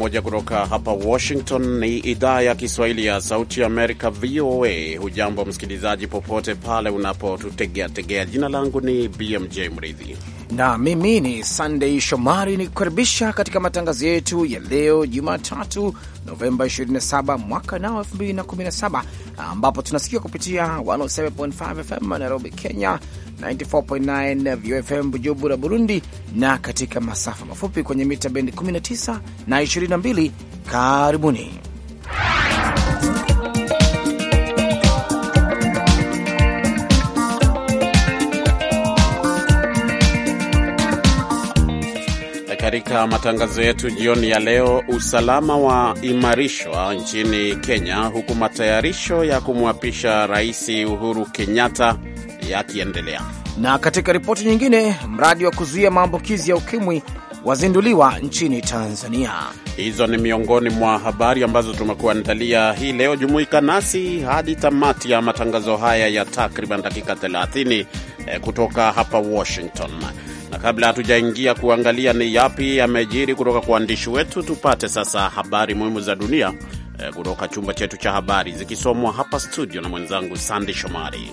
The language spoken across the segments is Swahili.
moja kutoka hapa Washington. Ni idhaa ya Kiswahili ya Sauti ya Amerika, VOA. Hujambo msikilizaji, popote pale unapotutegeategea Jina langu ni BMJ Mridhi na mimi ni Sandey Shomari ni kukaribisha katika matangazo yetu ya leo Jumatatu, Novemba 27 mwaka nao 2017, ambapo tunasikia kupitia 107.5 FM Nairobi, Kenya, 94.9 VFM Bujumbura, Burundi, na katika masafa mafupi kwenye mita bendi 19 na 22. Karibuni. katika matangazo yetu jioni ya leo, usalama wa imarishwa nchini Kenya, huku matayarisho ya kumwapisha Rais Uhuru Kenyatta yakiendelea. Na katika ripoti nyingine, mradi wa kuzuia maambukizi ya ukimwi wazinduliwa nchini Tanzania. Hizo ni miongoni mwa habari ambazo tumekuandalia hii leo. Jumuika nasi hadi tamati ya matangazo haya ya takriban dakika 30 eh, kutoka hapa Washington. Kabla hatujaingia kuangalia ni yapi yamejiri kutoka kwa waandishi wetu, tupate sasa habari muhimu za dunia eh, kutoka chumba chetu cha habari, zikisomwa hapa studio na mwenzangu Sande Shomari.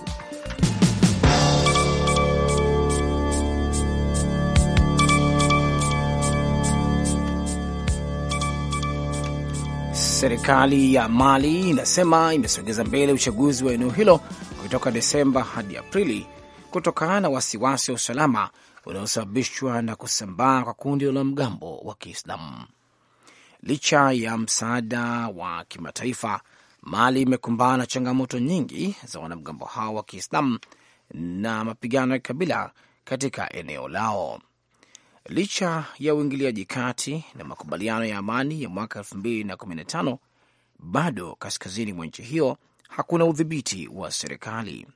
Serikali ya Mali inasema imesogeza mbele uchaguzi wa eneo hilo kutoka Desemba hadi Aprili kutokana na wasiwasi wa usalama unaosababishwa na kusambaa kwa kundi la mgambo wa Kiislamu. Licha ya msaada wa kimataifa, Mali imekumbana na changamoto nyingi za wanamgambo hao wa Kiislamu na mapigano ya kikabila katika eneo lao. Licha ya uingiliaji kati na makubaliano ya amani ya mwaka 2015 bado kaskazini mwa nchi hiyo hakuna udhibiti wa serikali.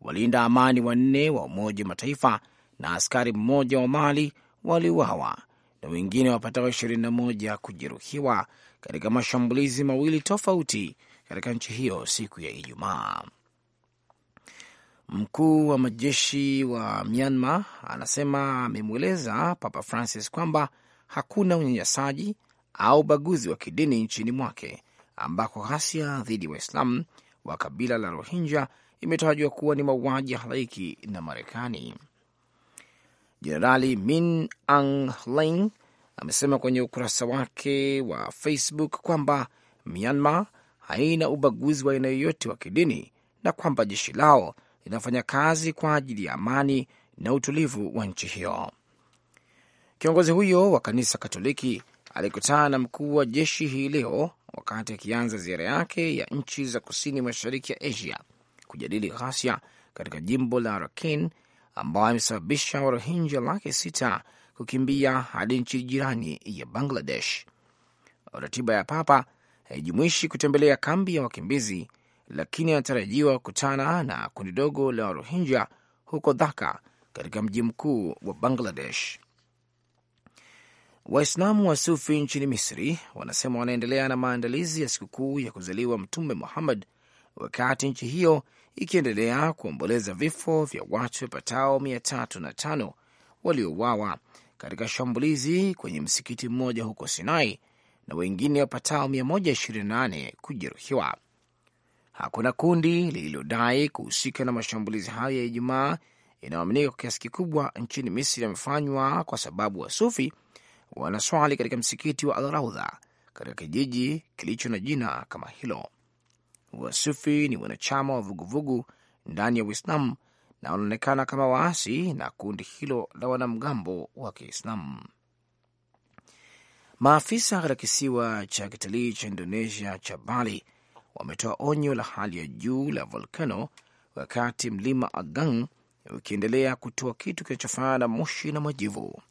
Walinda amani wanne wa Umoja wa Mataifa na askari mmoja wa Mali waliuawa na wengine wapatao moja kujeruhiwa katika mashambulizi mawili tofauti katika nchi hiyo siku ya Ijumaa. Mkuu wa majeshi wa Myanmar anasema amemweleza Papa Francis kwamba hakuna unyanyasaji au ubaguzi wa kidini nchini mwake ambako ghasia dhidi ya Waislamu wa kabila la Rohingya imetajwa kuwa ni mauaji ya halaiki na Marekani. Jenerali Min Aung Hlaing amesema kwenye ukurasa wake wa Facebook kwamba Myanmar haina ubaguzi wa aina yoyote wa kidini na kwamba jeshi lao linafanya kazi kwa ajili ya amani na utulivu wa nchi hiyo. Kiongozi huyo wa kanisa Katoliki alikutana na mkuu wa jeshi hii leo wakati akianza ziara yake ya nchi za kusini mashariki ya Asia kujadili ghasia katika jimbo la Rakhine ambayo amesababisha Warohinja laki sita kukimbia hadi nchi jirani ya Bangladesh. Ratiba ya Papa haijumuishi kutembelea kambi ya wakimbizi, lakini anatarajiwa kukutana na kundi dogo la Warohinja huko Dhaka, katika mji mkuu wa Bangladesh. Waislamu wa Sufi nchini Misri wanasema wanaendelea na maandalizi ya sikukuu ya kuzaliwa Mtume Muhammad, wakati nchi hiyo ikiendelea kuomboleza vifo vya watu wapatao mia tatu na tano waliouawa katika shambulizi kwenye msikiti mmoja huko Sinai na wengine wapatao 128 kujeruhiwa. Hakuna kundi lililodai kuhusika na mashambulizi hayo ya Ijumaa inayoaminika kwa kiasi kikubwa nchini Misri yamefanywa kwa sababu wasufi wanaswali katika msikiti wa Alraudha katika kijiji kilicho na jina kama hilo. Wasufi ni wanachama wa vuguvugu ndani ya Uislamu na wanaonekana kama waasi na kundi hilo la wanamgambo wa Kiislamu. Maafisa katika kisiwa cha kitalii cha Indonesia cha Bali wametoa onyo la hali ya juu la volkano wakati mlima Agang ukiendelea kutoa kitu kinachofanana na moshi na majivu.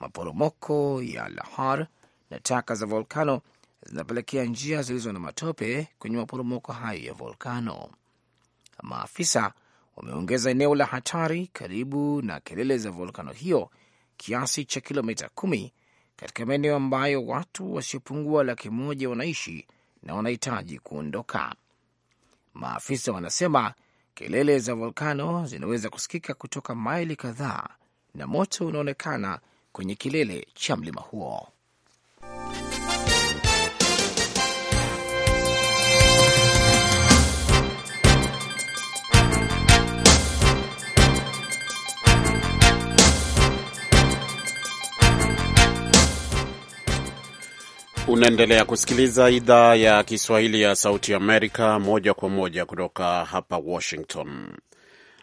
Maporomoko ya lahar na taka za volkano zinapelekea njia zilizo na matope kwenye maporomoko hayo ya volkano. Maafisa wameongeza eneo la hatari karibu na kelele za volkano hiyo kiasi cha kilomita kumi katika maeneo ambayo watu wasiopungua laki moja wanaishi na wanahitaji kuondoka. Maafisa wanasema kelele za volkano zinaweza kusikika kutoka maili kadhaa na moto unaonekana kwenye kilele cha mlima huo. Unaendelea kusikiliza idhaa ya Kiswahili ya Sauti Amerika moja kwa moja kutoka hapa Washington.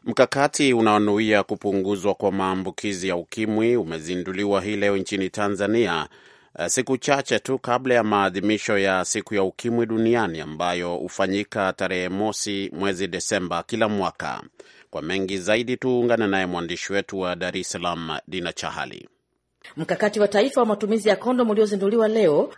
Mkakati unaonuia kupunguzwa kwa maambukizi ya ukimwi umezinduliwa hii leo nchini Tanzania, eh, siku chache tu kabla ya maadhimisho ya siku ya ukimwi duniani ambayo hufanyika tarehe mosi mwezi Desemba kila mwaka. Kwa mengi zaidi, tuungane naye mwandishi wetu wa Dar es Salaam, Dina Chahali. Mkakati wa taifa wa matumizi ya kondomu uliozinduliwa leo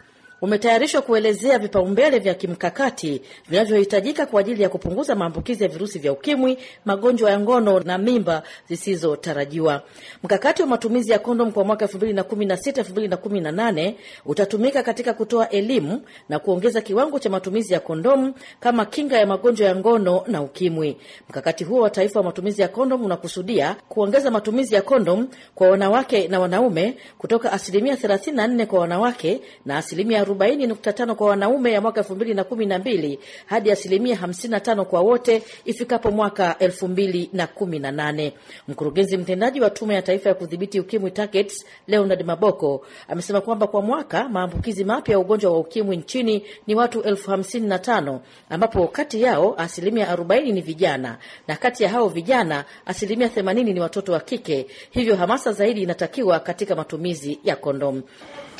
umetayarishwa kuelezea vipaumbele vya kimkakati vinavyohitajika kwa ajili ya kupunguza maambukizi ya virusi vya ukimwi, magonjwa ya ngono na mimba zisizotarajiwa. Mkakati wa matumizi ya kondom kwa mwaka 2016 2018 utatumika katika kutoa elimu na kuongeza kiwango cha matumizi ya kondomu kama kinga ya magonjwa ya ngono na ukimwi. Mkakati huo wa taifa wa matumizi ya kondom unakusudia kuongeza matumizi ya kondom kwa wanawake na wanaume kutoka asilimia 34 kwa wanawake na asilimia 40.5 kwa wanaume ya mwaka 2012 hadi asilimia 55 kwa wote ifikapo mwaka 2018. Mkurugenzi mtendaji wa Tume ya Taifa ya Kudhibiti Ukimwi TACAIDS Leonard Maboko amesema kwamba kwa mwaka maambukizi mapya ya ugonjwa wa ukimwi nchini ni watu 55 ambapo kati yao asilimia 40 ni vijana na kati ya hao vijana asilimia 80 ni watoto wa kike, hivyo hamasa zaidi inatakiwa katika matumizi ya kondomu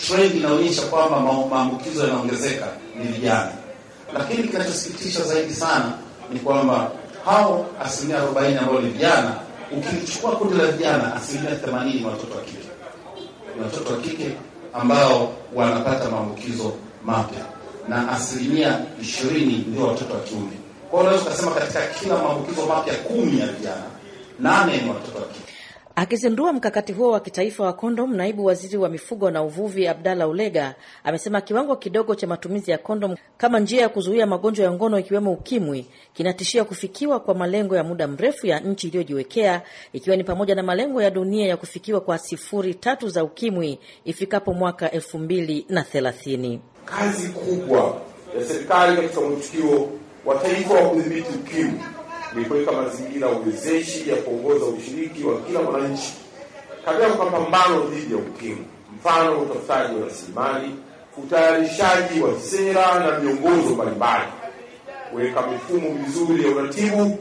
trend inaonyesha kwamba maambukizo yanaongezeka ni vijana, lakini kinachosikitisha zaidi sana ni kwamba hao asilimia arobaini ambao ni vijana, ukilichukua kundi la vijana, asilimia themanini ni watoto wa kike, ni watoto wa kike ambao wanapata maambukizo mapya na asilimia ishirini ndio watoto wa kiume. Kwa hiyo unaweza ukasema katika kila maambukizo mapya kumi ya vijana, nane ni watoto wa kike. Akizindua mkakati huo wa kitaifa wa kondom, naibu waziri wa mifugo na uvuvi Abdalla Ulega amesema kiwango kidogo cha matumizi ya kondom kama njia ya kuzuia magonjwa ya ngono ikiwemo ukimwi kinatishia kufikiwa kwa malengo ya muda mrefu ya nchi iliyojiwekea ikiwa ni pamoja na malengo ya dunia ya kufikiwa kwa sifuri tatu za ukimwi ifikapo mwaka elfu mbili na thelathini. Kazi kubwa ya serikali katika mwitikio wa taifa wa kudhibiti ukimwi ni kuweka mazingira uwezeshi ya kuongoza ushiriki wa kila mwananchi katika kupambana dhidi ya UKIMWI, mfano utafutaji wa rasilimali, utayarishaji wa sera na miongozo mbalimbali, kuweka mifumo mizuri ya uratibu,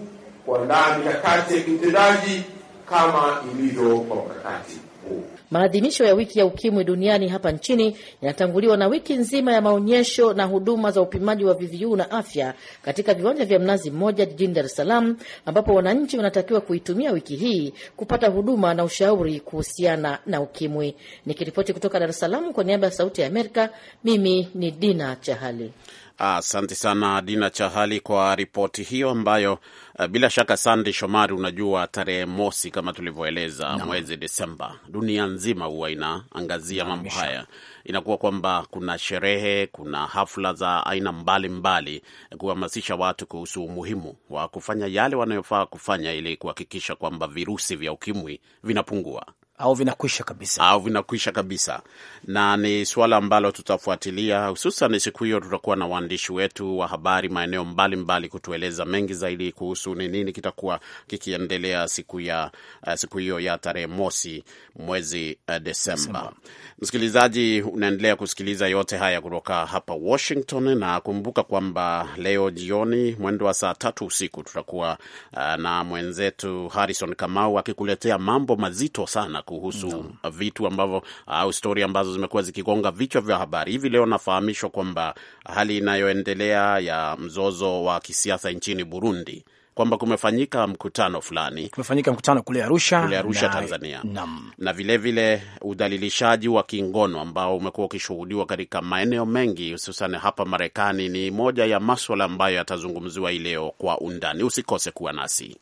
kuandaa mikakati ya kiutendaji kama ilivyo kwa mkakati huu. Maadhimisho ya wiki ya ukimwi duniani hapa nchini yanatanguliwa na wiki nzima ya maonyesho na huduma za upimaji wa VVU na afya katika viwanja vya Mnazi Mmoja jijini Dar es Salaam, ambapo wananchi wanatakiwa kuitumia wiki hii kupata huduma na ushauri kuhusiana na ukimwi. Nikiripoti kutoka Dar es Salaam kwa niaba ya Sauti ya Amerika, mimi ni Dina Chahali. Asante sana Dina Chahali kwa ripoti hiyo ambayo eh, bila shaka Sandi Shomari, unajua tarehe mosi kama tulivyoeleza no. mwezi Desemba dunia nzima huwa inaangazia no, mambo haya. Inakuwa kwamba kuna sherehe, kuna hafla za aina mbalimbali eh, kuhamasisha watu kuhusu umuhimu wa kufanya yale wanayofaa kufanya ili kuhakikisha kwamba virusi vya ukimwi vinapungua au vinakwisha kabisa, au vinakwisha kabisa, na ni suala ambalo tutafuatilia, hususan siku hiyo tutakuwa na waandishi wetu wa habari maeneo mbalimbali mbali kutueleza mengi zaidi kuhusu ni nini kitakuwa kikiendelea siku ya uh, siku hiyo ya tarehe mosi mwezi uh, Desemba. Msikilizaji, unaendelea kusikiliza yote haya kutoka hapa Washington, na kumbuka kwamba leo jioni mwendo wa saa tatu usiku tutakuwa uh, na mwenzetu Harrison Kamau akikuletea mambo mazito sana kuhusu no. vitu ambavyo au stori ambazo zimekuwa zikigonga vichwa vya habari hivi leo. Nafahamishwa kwamba hali inayoendelea ya mzozo wa kisiasa nchini Burundi kwamba kumefanyika mkutano fulani, kumefanyika mkutano kule Arusha, kule Arusha na, Tanzania nam. na vilevile vile udhalilishaji wa kingono ambao umekuwa ukishuhudiwa katika maeneo mengi hususan hapa Marekani ni moja ya maswala ambayo yatazungumziwa hii leo kwa undani. Usikose kuwa nasi.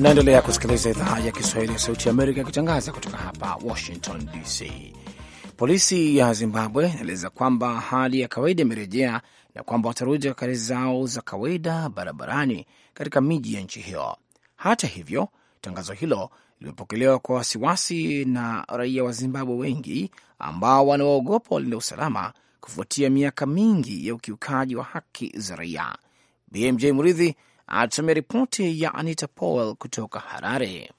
naendelea kusikiliza idhaa ya Kiswahili ya Sauti ya Amerika ikitangaza kutoka hapa Washington DC. Polisi ya Zimbabwe inaeleza kwamba hali ya kawaida imerejea na kwamba watarudi katika kazi zao za kawaida barabarani katika miji ya nchi hiyo. Hata hivyo, tangazo hilo limepokelewa kwa wasiwasi na raia wa Zimbabwe wengi ambao wanaoogopa walinda usalama kufuatia miaka mingi ya ukiukaji wa haki za raia. BMJ Muridhi atusomea ripoti ya Anita Powell kutoka Harare.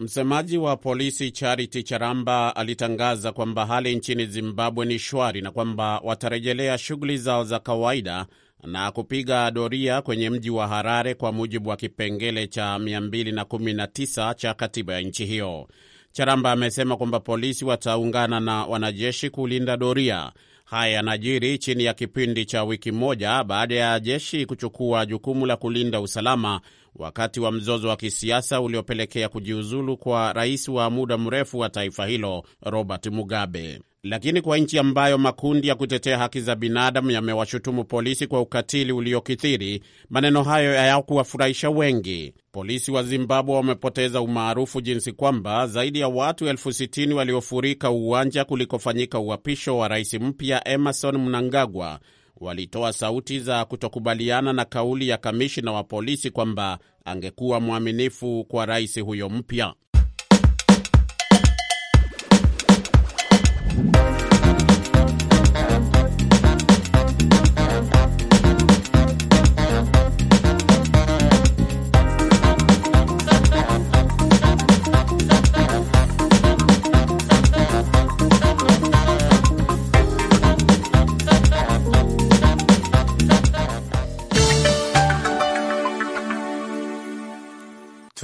Msemaji wa polisi Charity Charamba alitangaza kwamba hali nchini Zimbabwe ni shwari na kwamba watarejelea shughuli zao za kawaida na kupiga doria kwenye mji wa Harare kwa mujibu wa kipengele cha 219 cha katiba ya nchi hiyo. Charamba amesema kwamba polisi wataungana na wanajeshi kulinda doria. Haya yanajiri chini ya kipindi cha wiki moja baada ya jeshi kuchukua jukumu la kulinda usalama wakati wa mzozo wa kisiasa uliopelekea kujiuzulu kwa rais wa muda mrefu wa taifa hilo Robert Mugabe. Lakini kwa nchi ambayo makundi ya kutetea haki za binadamu yamewashutumu polisi kwa ukatili uliokithiri, maneno hayo hayakuwafurahisha wengi. Polisi wa Zimbabwe wamepoteza umaarufu jinsi kwamba zaidi ya watu elfu sitini waliofurika uwanja kulikofanyika uapisho wa rais mpya Emerson Mnangagwa walitoa sauti za kutokubaliana na kauli ya kamishina wa polisi kwamba angekuwa mwaminifu kwa rais huyo mpya.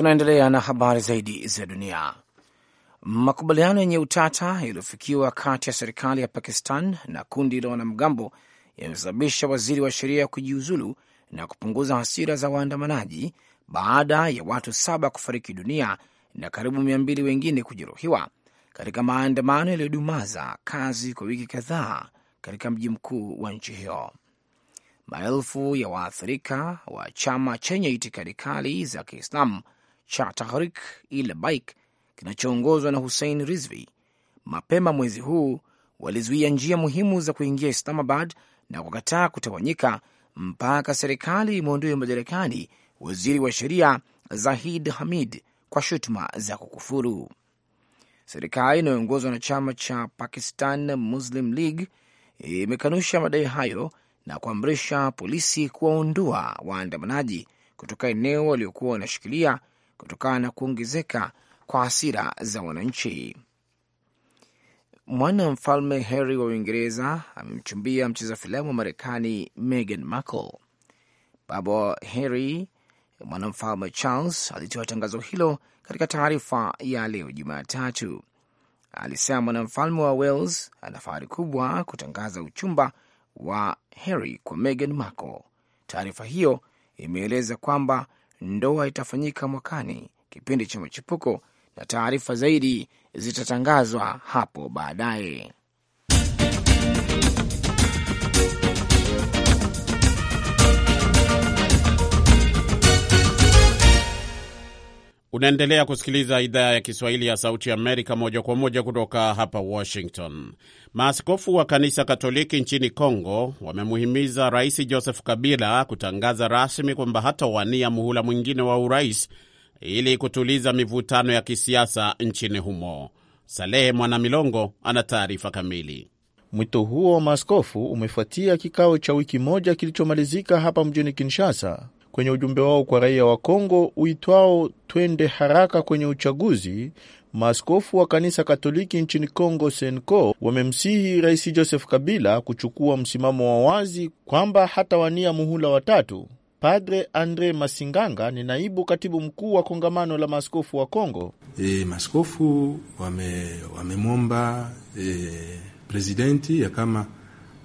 Tunaendelea na habari zaidi za dunia. Makubaliano yenye utata yaliyofikiwa kati ya serikali ya Pakistan na kundi la wanamgambo yamesababisha waziri wa sheria kujiuzulu na kupunguza hasira za waandamanaji baada ya watu saba kufariki dunia na karibu mia mbili wengine kujeruhiwa katika maandamano yaliyodumaza kazi kwa wiki kadhaa katika mji mkuu wa nchi hiyo. Maelfu ya waathirika wa chama chenye itikadi kali za Kiislamu cha Tahrik i kinachoongozwa na Hussein Rizvi mapema mwezi huu walizuia njia muhimu za kuingia Islamabad na kukataa kutawanyika mpaka serikali imeondoe madarakani waziri wa sheria Zahid Hamid kwa shutuma za kukufuru. Serikali inayoongozwa na chama cha Pakistan Muslim League imekanusha madai hayo na kuamrisha polisi kuwaondoa waandamanaji kutoka eneo waliokuwa wanashikilia kutokana na kuongezeka kwa hasira za wananchi. Mwana mfalme Harry wa Uingereza amemchumbia mcheza filamu wa Marekani Meghan Markle. Baba wa Harry mwanamfalme Charles alitoa tangazo hilo katika taarifa ya leo Jumatatu. Alisema mwanamfalme wa Wales ana fahari kubwa kutangaza uchumba wa Harry kwa Meghan Markle. Taarifa hiyo imeeleza kwamba ndoa itafanyika mwakani kipindi cha machipuko, na taarifa zaidi zitatangazwa hapo baadaye. Unaendelea kusikiliza idhaa ya Kiswahili ya Sauti ya Amerika moja kwa moja kutoka hapa Washington. Maaskofu wa kanisa Katoliki nchini Kongo wamemuhimiza Rais Joseph Kabila kutangaza rasmi kwamba hatawania muhula mwingine wa urais ili kutuliza mivutano ya kisiasa nchini humo. Salehe Mwanamilongo ana taarifa kamili. Mwito huo wa maaskofu umefuatia kikao cha wiki moja kilichomalizika hapa mjini Kinshasa kwenye ujumbe wao kwa raia wa Kongo uitwao twende haraka kwenye uchaguzi, maaskofu wa kanisa Katoliki nchini Kongo senco wamemsihi Rais Joseph Kabila kuchukua msimamo wa wazi kwamba hatawania muhula watatu. Padre Andre Masinganga ni naibu katibu mkuu wa kongamano la maaskofu wa Kongo. E, maaskofu wamemwomba wame e, presidenti ya kama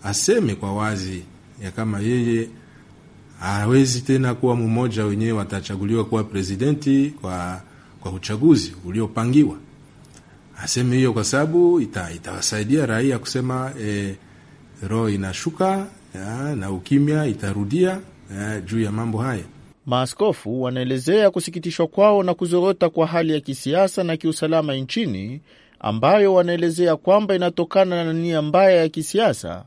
aseme kwa wazi ya kama yeye hawezi tena kuwa mmoja, wenyewe watachaguliwa kuwa presidenti kwa, kwa uchaguzi uliopangiwa. Aseme hiyo kwa sababu ita, itawasaidia raia kusema e, roho inashuka ya, na ukimya itarudia ya, juu ya mambo haya. Maaskofu wanaelezea kusikitishwa kwao na kuzorota kwa hali ya kisiasa na kiusalama nchini ambayo wanaelezea kwamba inatokana na nia mbaya ya kisiasa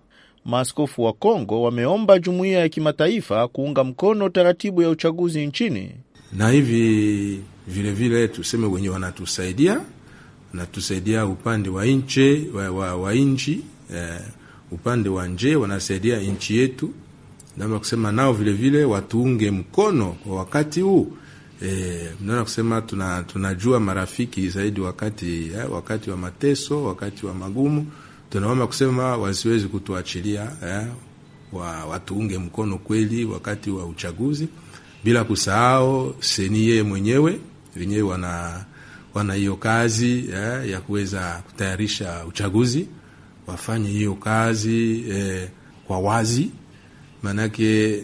maaskofu wa Kongo wameomba jumuiya ya kimataifa kuunga mkono taratibu ya uchaguzi nchini, na hivi vilevile tuseme wenye wanatusaidia wanatusaidia upande wa nje wa, wa, wa nchi eh, upande wa nje wanasaidia nchi yetu, naomba kusema nao vilevile vile, watuunge mkono kwa wakati huu eh, mnaona kusema tuna, tunajua marafiki zaidi wakati, eh, wakati wa mateso, wakati wa magumu tunaomba kusema wasiwezi kutuachilia eh, wa, watuunge mkono kweli wakati wa uchaguzi, bila kusahau senie mwenyewe wenyewe wana wana hiyo kazi eh, ya kuweza kutayarisha uchaguzi, wafanye hiyo kazi eh, kwa wazi, maanake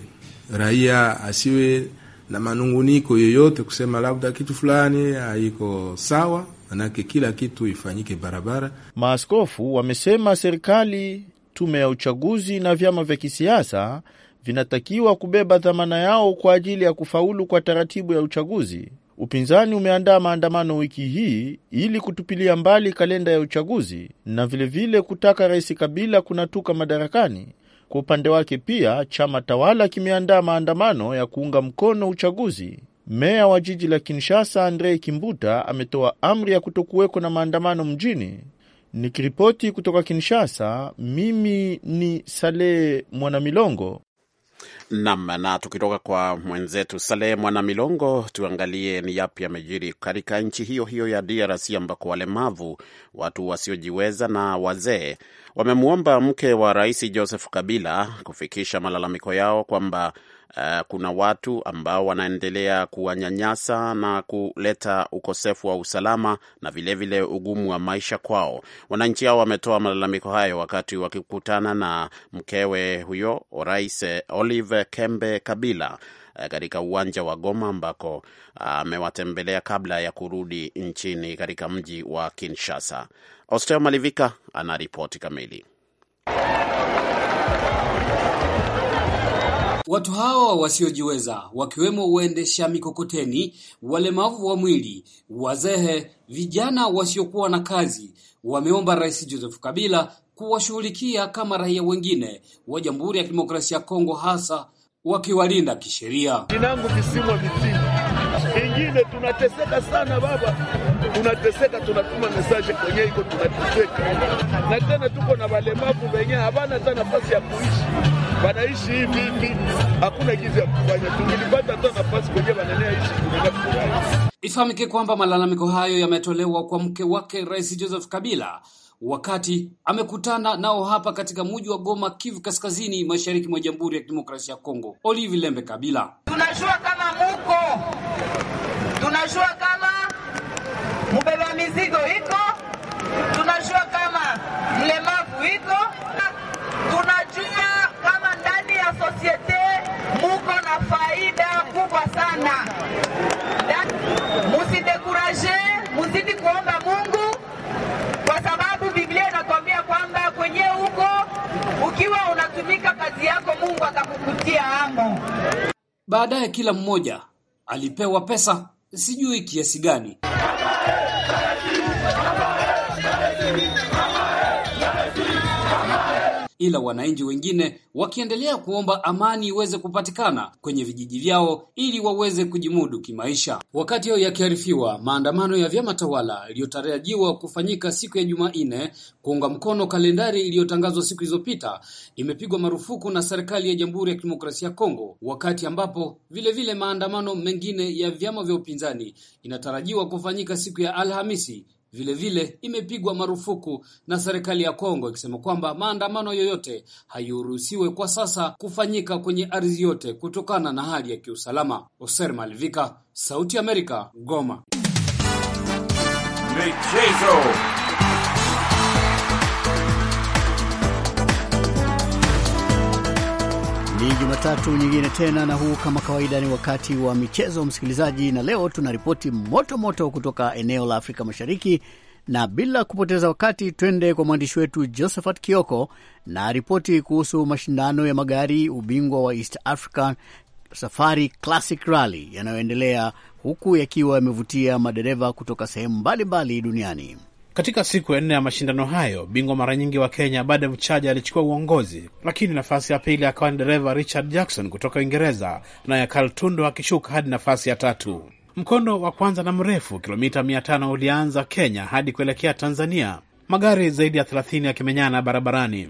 raia asiwe na manunguniko yoyote kusema labda kitu fulani haiko sawa manake kila kitu ifanyike barabara. Maaskofu wamesema serikali, tume ya uchaguzi na vyama vya kisiasa vinatakiwa kubeba dhamana yao kwa ajili ya kufaulu kwa taratibu ya uchaguzi. Upinzani umeandaa maandamano wiki hii ili kutupilia mbali kalenda ya uchaguzi na vilevile vile kutaka Rais Kabila kunatuka madarakani. Kwa upande wake pia chama tawala kimeandaa maandamano ya kuunga mkono uchaguzi. Meya wa jiji la Kinshasa Andrei Kimbuta ametoa amri ya kutokuweko na maandamano mjini. Nikiripoti kutoka Kinshasa, mimi ni saleh Mwanamilongo. Nam, na tukitoka kwa mwenzetu Salehe Mwanamilongo, tuangalie ni yapi yamejiri katika nchi hiyo hiyo ya DRC ambako walemavu, watu wasiojiweza na wazee wamemwomba mke wa rais Joseph Kabila kufikisha malalamiko yao kwamba uh, kuna watu ambao wanaendelea kuwanyanyasa na kuleta ukosefu wa usalama na vilevile vile ugumu wa maisha kwao. Wananchi hao wametoa malalamiko hayo wakati wakikutana na mkewe huyo Rais eh, Olive Kembe Kabila eh, katika uwanja wa Goma ambako amewatembelea kabla ya kurudi nchini katika mji wa Kinshasa. Ostel Malivika ana ripoti kamili. Watu hawa wasiojiweza wakiwemo waendesha mikokoteni, walemavu wa mwili, wazee, vijana wasiokuwa na kazi wameomba Rais Joseph Kabila kuwashughulikia kama raia wengine wa Jamhuri ya Kidemokrasia ya Kongo, hasa wakiwalinda kisheria. Jinangu kisimwa vitima ingine tunateseka sana baba, tunateseka, tunatuma mesaje kwenye iko tunateseka, na tena tuko na walemavu wenyewe havana hata nafasi ya kuishi, wanaishi hii vipi? Hakuna kizi ya kufanya, tungilipata hata nafasi kwenye wananea ishi kuaa. Ifahamike kwamba malalamiko hayo yametolewa kwa mke wake Rais Joseph Kabila wakati amekutana nao hapa katika mji wa Goma, Kivu Kaskazini, mashariki mwa Jamhuri ya Kidemokrasia ya Kongo. Olive Lembe Kabila: tunajua kama muko tunajua kama mbeba mizigo iko, tunajua kama mlemavu iko, tunajua kama ndani ya sosiete muko na faida kubwa sana. Musidekuraje, muzidi kuomba Mungu kwa sababu Biblia inatuambia kwamba kwenye huko ukiwa unatumika kazi yako, Mungu atakukutia amo. Baadaye kila mmoja alipewa pesa sijui kiasi gani ila wananchi wengine wakiendelea kuomba amani iweze kupatikana kwenye vijiji vyao ili waweze kujimudu kimaisha. Wakati hayo yakiarifiwa, maandamano ya vyama tawala iliyotarajiwa kufanyika siku ya Jumanne kuunga mkono kalendari iliyotangazwa siku zilizopita imepigwa marufuku na serikali ya Jamhuri ya Kidemokrasia ya Kongo, wakati ambapo vile vile maandamano mengine ya vyama vya upinzani inatarajiwa kufanyika siku ya Alhamisi Vilevile imepigwa marufuku na serikali ya Kongo ikisema kwamba maandamano yoyote hayuruhusiwe kwa sasa kufanyika kwenye ardhi yote kutokana na hali ya kiusalama. Oser Malivika, Sauti ya Amerika, Goma. Michezo. Ni Jumatatu nyingine tena, na huu kama kawaida ni wakati wa michezo, msikilizaji, na leo tuna ripoti moto moto kutoka eneo la Afrika Mashariki, na bila kupoteza wakati twende kwa mwandishi wetu Josephat Kioko na ripoti kuhusu mashindano ya magari ubingwa wa East africa Safari Classic Rally yanayoendelea huku yakiwa yamevutia madereva kutoka sehemu mbalimbali duniani. Katika siku ya nne ya mashindano hayo, bingwa mara nyingi wa Kenya Bade Mchaja alichukua uongozi, lakini nafasi ya pili akawa ni dereva Richard Jackson kutoka Uingereza, naye Karl Tundo akishuka hadi nafasi ya tatu. Mkondo wa kwanza na mrefu kilomita 500 ulianza Kenya hadi kuelekea Tanzania, magari zaidi ya 30 yakimenyana barabarani.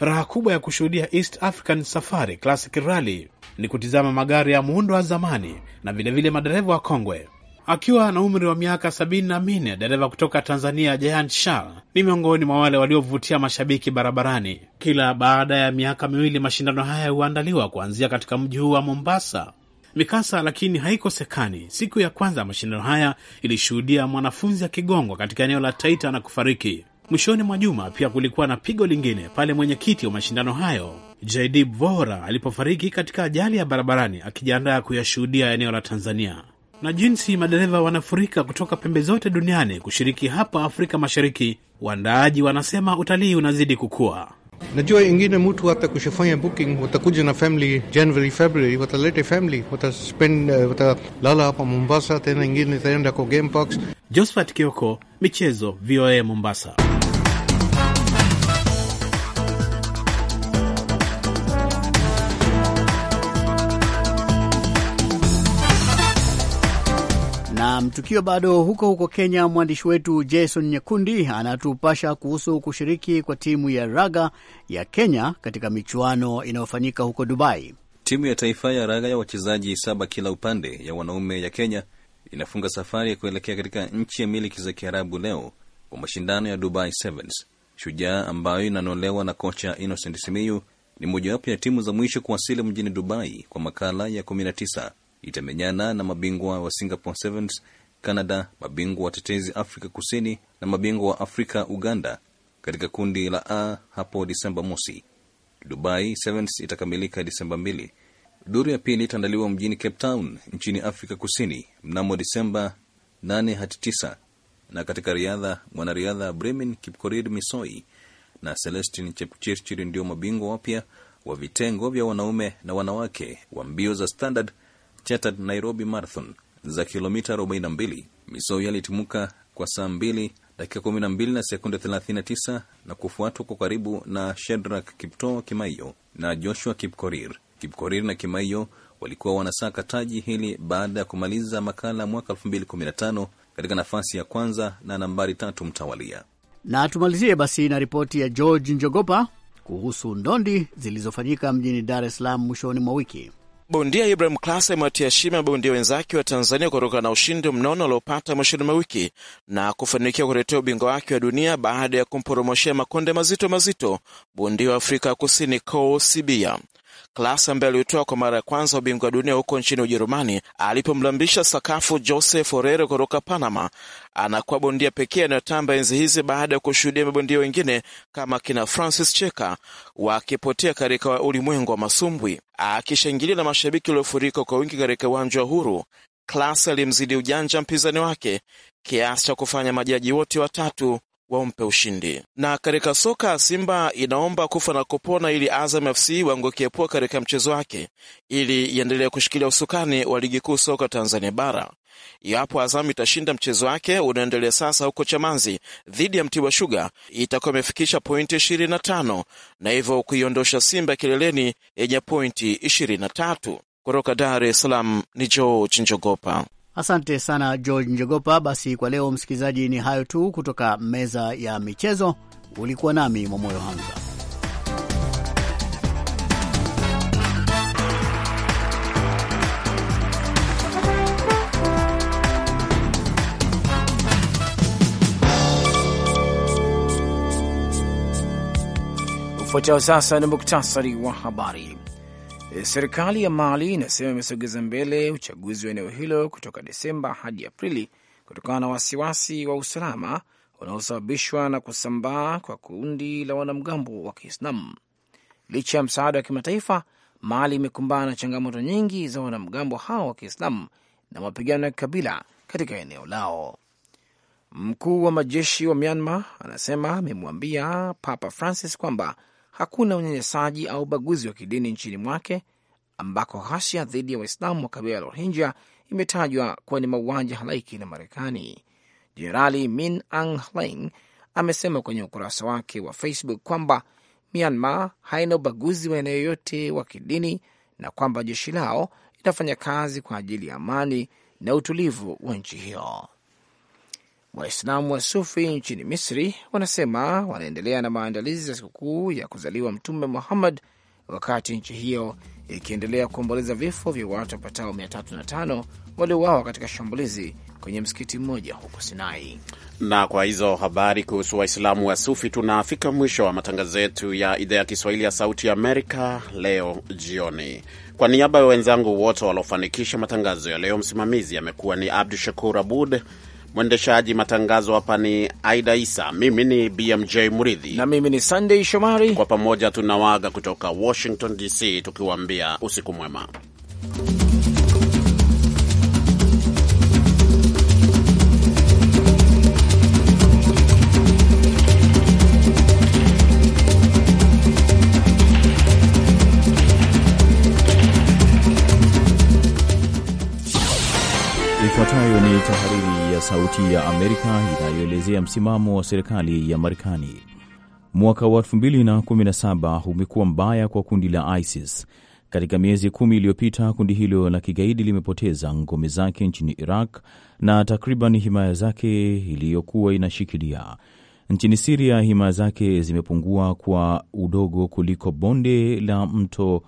Raha kubwa ya kushuhudia East African Safari Classic Rally ni kutizama magari ya muundo wa zamani na vilevile madereva wa kongwe. Akiwa na umri wa miaka sabini na minne, dereva kutoka Tanzania Jayant Shah ni miongoni mwa wale waliovutia mashabiki barabarani. Kila baada ya miaka miwili mashindano haya huandaliwa kuanzia katika mji huu wa Mombasa. Mikasa lakini haikosekani. Siku ya kwanza ya mashindano haya ilishuhudia mwanafunzi akigongwa katika eneo la Taita na kufariki. Mwishoni mwa juma pia kulikuwa na pigo lingine pale mwenyekiti wa mashindano hayo JD Bora alipofariki katika ajali ya barabarani akijiandaa kuyashuhudia eneo la Tanzania na jinsi madereva wanafurika kutoka pembe zote duniani kushiriki hapa Afrika Mashariki, waandaaji wanasema utalii unazidi kukua. Najua ingine mtu hata kushafanya booking, watakuja na family January, February, watalete family, wataspend, eh, watalala hapa Mombasa, tena ingine itaenda kwa game parks. Josephat Kioko, michezo, VOA Mombasa. Nam, tukiwa bado huko huko Kenya, mwandishi wetu Jason nyekundi anatupasha kuhusu kushiriki kwa timu ya raga ya Kenya katika michuano inayofanyika huko Dubai. Timu ya taifa ya raga ya wachezaji saba kila upande ya wanaume ya Kenya inafunga safari ya kuelekea katika nchi ya miliki za Kiarabu leo kwa mashindano ya Dubai Sevens. Shujaa ambayo inanolewa na kocha Innocent Simiyu ni mojawapo ya timu za mwisho kuwasili mjini Dubai kwa makala ya 19 itamenyana na mabingwa wa Singapore Sevens Canada, mabingwa watetezi Afrika Kusini na mabingwa wa Afrika Uganda katika kundi la A hapo Disemba mosi. Dubai Sevens itakamilika Disemba mbili. Duru ya pili itaandaliwa mjini Cape Town nchini Afrika Kusini mnamo Disemba 8 hadi 9, na katika riadha mwanariadha Bremin Kipkorir Misoi na Celestin Chepchirchir ndio mabingwa wapya wa vitengo vya wanaume na wanawake wa mbio za standard Chartered Nairobi Marathon za kilomita 42. Misoi alitimuka kwa saa 2 dakika 12 na sekunde 39 na kufuatwa kwa karibu na Shedrak kipto Kimaiyo na Joshua Kipkorir. Kipkorir na Kimaiyo walikuwa wanasaka taji hili baada ya kumaliza makala mwaka 2015 katika nafasi ya kwanza na nambari tatu mtawalia. Na tumalizie basi na ripoti ya George Njogopa kuhusu ndondi zilizofanyika mjini Dar es Salaam mwishoni mwa wiki. Bondia Ibrahim Klas amewatia heshima mabondia wenzake wa Tanzania kutokana na ushindi mnono aliopata mwishoni mwa wiki na kufanikiwa kutetea ubingwa wake wa dunia baada ya kumporomoshea makonde mazito mazito bondia wa Afrika Kusini Cole klasi ambaye aliutoa kwa mara ya kwanza ubingwa wa dunia huko nchini Ujerumani alipomlambisha sakafu joseph Orere kutoka Panama, anakuwa bondia pekee anayotamba enzi hizi baada ya kushuhudia mabondia wengine kama kina Francis Cheka wakipotea katika ulimwengu wa masumbwi. Akishangilia na mashabiki waliofurika kwa wingi katika uwanja wa Uhuru, klasi alimzidi ujanja mpinzani wake kiasi cha kufanya majaji wote watatu wampe ushindi. Na katika soka, Simba inaomba kufa na kupona ili Azam FC wangokiepua katika mchezo wake ili iendelee kushikilia usukani wa ligi kuu soka Tanzania Bara. Iwapo Azamu itashinda mchezo wake unaendelea sasa huko Chamanzi dhidi ya Mtibwa Shuga, itakuwa imefikisha pointi 25 na hivyo kuiondosha Simba kileleni yenye pointi 23. Kutoka Dar es Salaam ni Joo Njogopa. Asante sana George Njogopa. Basi kwa leo, msikilizaji, ni hayo tu kutoka meza ya michezo. Ulikuwa nami Mwamoyo Hamza. Ufuatao sasa ni muktasari wa habari. E, serikali ya Mali inasema imesogeza mbele uchaguzi wa eneo hilo kutoka Desemba hadi Aprili kutokana na wasiwasi wa usalama unaosababishwa na kusambaa kwa kundi la wanamgambo wa Kiislamu. Licha ya msaada wa kimataifa, Mali imekumbana na changamoto nyingi za wanamgambo hao wa Kiislamu na mapigano ya kikabila katika eneo lao. Mkuu wa majeshi wa Myanmar anasema amemwambia Papa Francis kwamba hakuna unyanyasaji au ubaguzi wa kidini nchini mwake, ambako ghasia dhidi ya Waislamu wa kabila la Rohingya imetajwa kuwa ni mauaji halaiki na Marekani. Jenerali Min Aung Hlaing amesema kwenye ukurasa wake wa Facebook kwamba Myanmar haina ubaguzi wa eneo yote wa kidini na kwamba jeshi lao linafanya kazi kwa ajili ya amani na utulivu wa nchi hiyo. Waislamu wa Sufi nchini Misri wanasema wanaendelea na maandalizi ya sikukuu ya kuzaliwa Mtume Muhammad, wakati nchi hiyo ikiendelea kuomboleza vifo vya watu wapatao 305 waliouawa katika shambulizi kwenye msikiti mmoja huko Sinai. Na kwa hizo habari kuhusu Waislamu wa Sufi, tunafika mwisho wa matangazo yetu ya idhaa ya Kiswahili ya Sauti Amerika leo jioni. Kwa niaba ya wenzangu wote waliofanikisha matangazo ya leo, msimamizi amekuwa ni Abdu Shakur Abud. Mwendeshaji matangazo hapa ni Aida Isa, mimi ni BMJ Muridhi na mimi ni Sunday Shomari. Kwa pamoja tunawaaga kutoka Washington DC tukiwaambia usiku mwema. Sauti ya Amerika inayoelezea msimamo wa serikali ya Marekani. Mwaka wa 2017 umekuwa mbaya kwa kundi la ISIS. Katika miezi kumi iliyopita, kundi hilo la kigaidi limepoteza ngome zake nchini Iraq na takriban himaya zake iliyokuwa inashikilia nchini Siria. Himaya zake zimepungua kwa udogo kuliko bonde la mto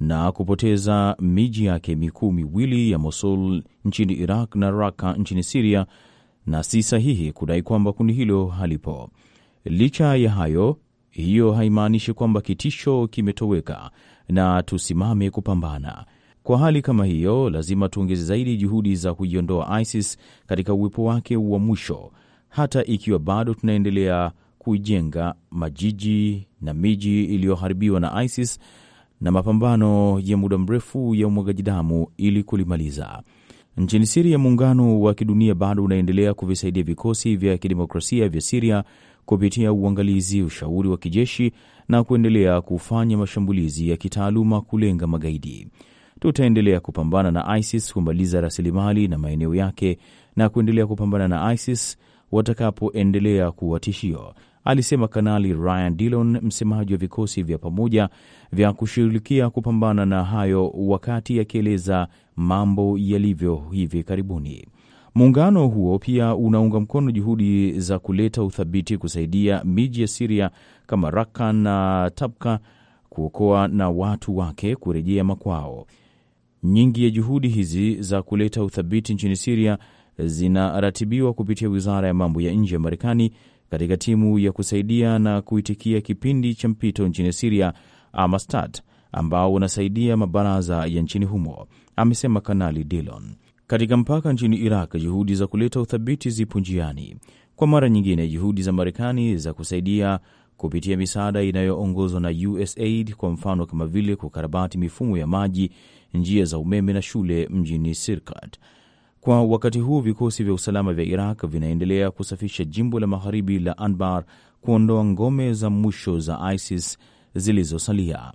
na kupoteza miji yake mikuu miwili ya Mosul nchini Iraq na Raka nchini Siria, na si sahihi kudai kwamba kundi hilo halipo. Licha ya hayo, hiyo haimaanishi kwamba kitisho kimetoweka na tusimame kupambana. Kwa hali kama hiyo, lazima tuongeze zaidi juhudi za kuiondoa ISIS katika uwepo wake wa mwisho, hata ikiwa bado tunaendelea kuijenga majiji na miji iliyoharibiwa na ISIS na mapambano ya muda mrefu ya umwagaji damu ili kulimaliza. Nchini Siria, muungano wa kidunia bado unaendelea kuvisaidia vikosi vya kidemokrasia vya Siria kupitia uangalizi, ushauri wa kijeshi na kuendelea kufanya mashambulizi ya kitaaluma kulenga magaidi. Tutaendelea kupambana na ISIS kumaliza rasilimali na maeneo yake na kuendelea kupambana na ISIS watakapoendelea kuwa tishio, alisema Kanali Ryan Dillon, msemaji wa vikosi vya pamoja vya kushughulikia kupambana na hayo, wakati yakieleza mambo yalivyo hivi karibuni. Muungano huo pia unaunga mkono juhudi za kuleta uthabiti, kusaidia miji ya Siria kama Raka na Tabka kuokoa na watu wake kurejea makwao. Nyingi ya juhudi hizi za kuleta uthabiti nchini Siria zinaratibiwa kupitia wizara ya mambo ya nje ya Marekani katika timu ya kusaidia na kuitikia kipindi cha mpito nchini Siria Amastat ambao unasaidia mabaraza ya nchini humo, amesema Kanali Dillon. Katika mpaka nchini Iraq, juhudi za kuleta uthabiti zipo njiani. Kwa mara nyingine, juhudi za Marekani za kusaidia kupitia misaada inayoongozwa na USAID, kwa mfano kama vile kukarabati mifumo ya maji, njia za umeme na shule mjini Sirkat. Kwa wakati huu vikosi vya usalama vya Iraq vinaendelea kusafisha jimbo la magharibi la Anbar, kuondoa ngome za mwisho za ISIS zilizosalia.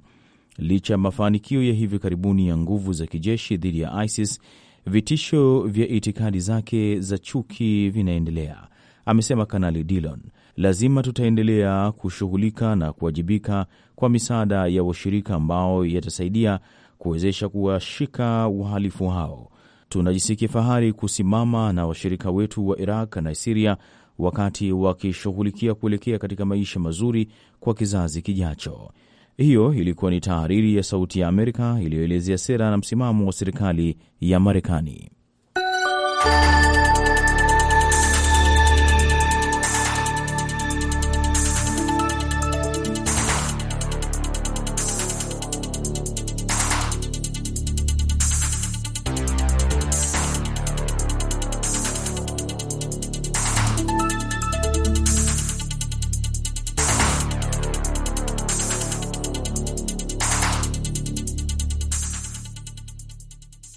Licha ya mafanikio ya hivi karibuni ya nguvu za kijeshi dhidi ya ISIS, vitisho vya itikadi zake za chuki vinaendelea, amesema Kanali Dillon. Lazima tutaendelea kushughulika na kuwajibika kwa misaada ya washirika ambao yatasaidia kuwezesha kuwashika wahalifu hao. Tunajisikia fahari kusimama na washirika wetu wa Iraq na Siria wakati wakishughulikia kuelekea katika maisha mazuri kwa kizazi kijacho. Hiyo ilikuwa ni tahariri ya Sauti ya Amerika iliyoelezea sera na msimamo wa serikali ya Marekani.